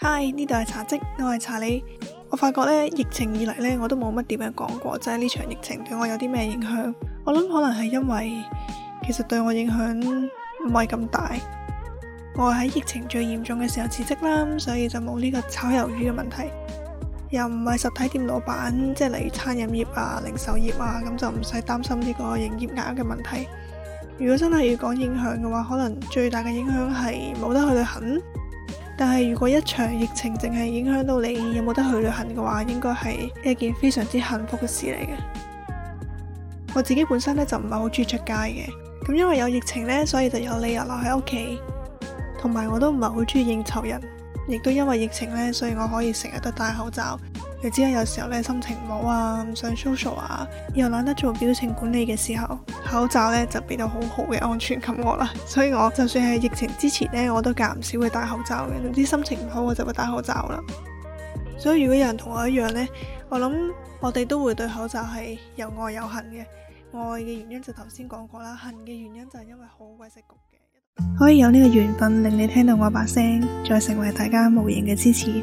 嗨，呢度係茶嘖，我係查理。我發覺呢疫情以嚟呢，我都冇乜點樣講過，就係呢場疫情對我有啲咩影響。我諗可能係因為其實對我影響唔係咁大。我喺疫情最嚴重嘅時候辭職啦，所以就冇呢個炒魷魚嘅問題。又唔係實體店老闆，即係例如餐飲業啊、零售業啊，咁就唔使擔心呢個營業額嘅問題。如果真係要講影響嘅話，可能最大嘅影響係冇得去旅行。但係如果一場疫情淨係影響到你有冇得去旅行嘅話，應該係一件非常之幸福嘅事嚟嘅。我自己本身呢就唔係好鍾意出街嘅，咁因為有疫情呢，所以就有理由留喺屋企，同埋我都唔係好鍾意應酬人，亦都因為疫情呢，所以我可以成日都戴口罩。你知啦，有時候咧心情唔好啊，唔想 social 啊，又懶得做表情管理嘅時候，口罩咧就變到好好嘅安全感我啦。所以我就算係疫情之前咧，我都隔唔少會戴口罩嘅。總之心情唔好，我就會戴口罩啦。所以如果有人同我一樣呢，我諗我哋都會對口罩係又愛又恨嘅。愛嘅原因就頭先講過啦，恨嘅原因就係因為好鬼死焗嘅。可以有呢個緣分令你聽到我把聲，再成為大家無形嘅支持，